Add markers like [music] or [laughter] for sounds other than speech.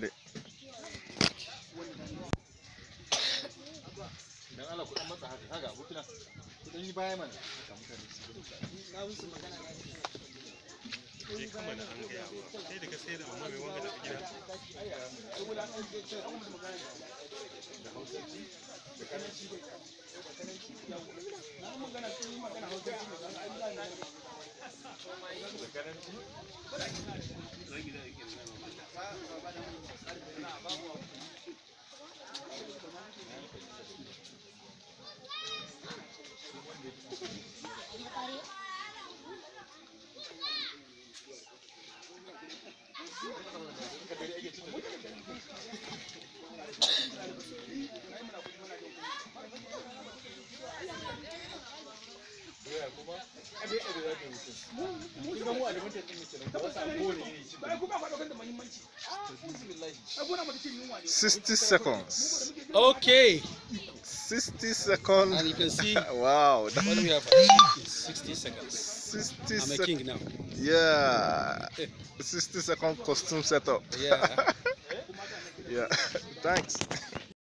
dare dan Allah 60 seconds. Okay. 60 seconds. And you can see [laughs] wow. what we have achieved is 60 seconds. 60 I'm sec a king now. Yeah. 60 second costume setup. Yeah. [laughs] yeah. [laughs] Thanks.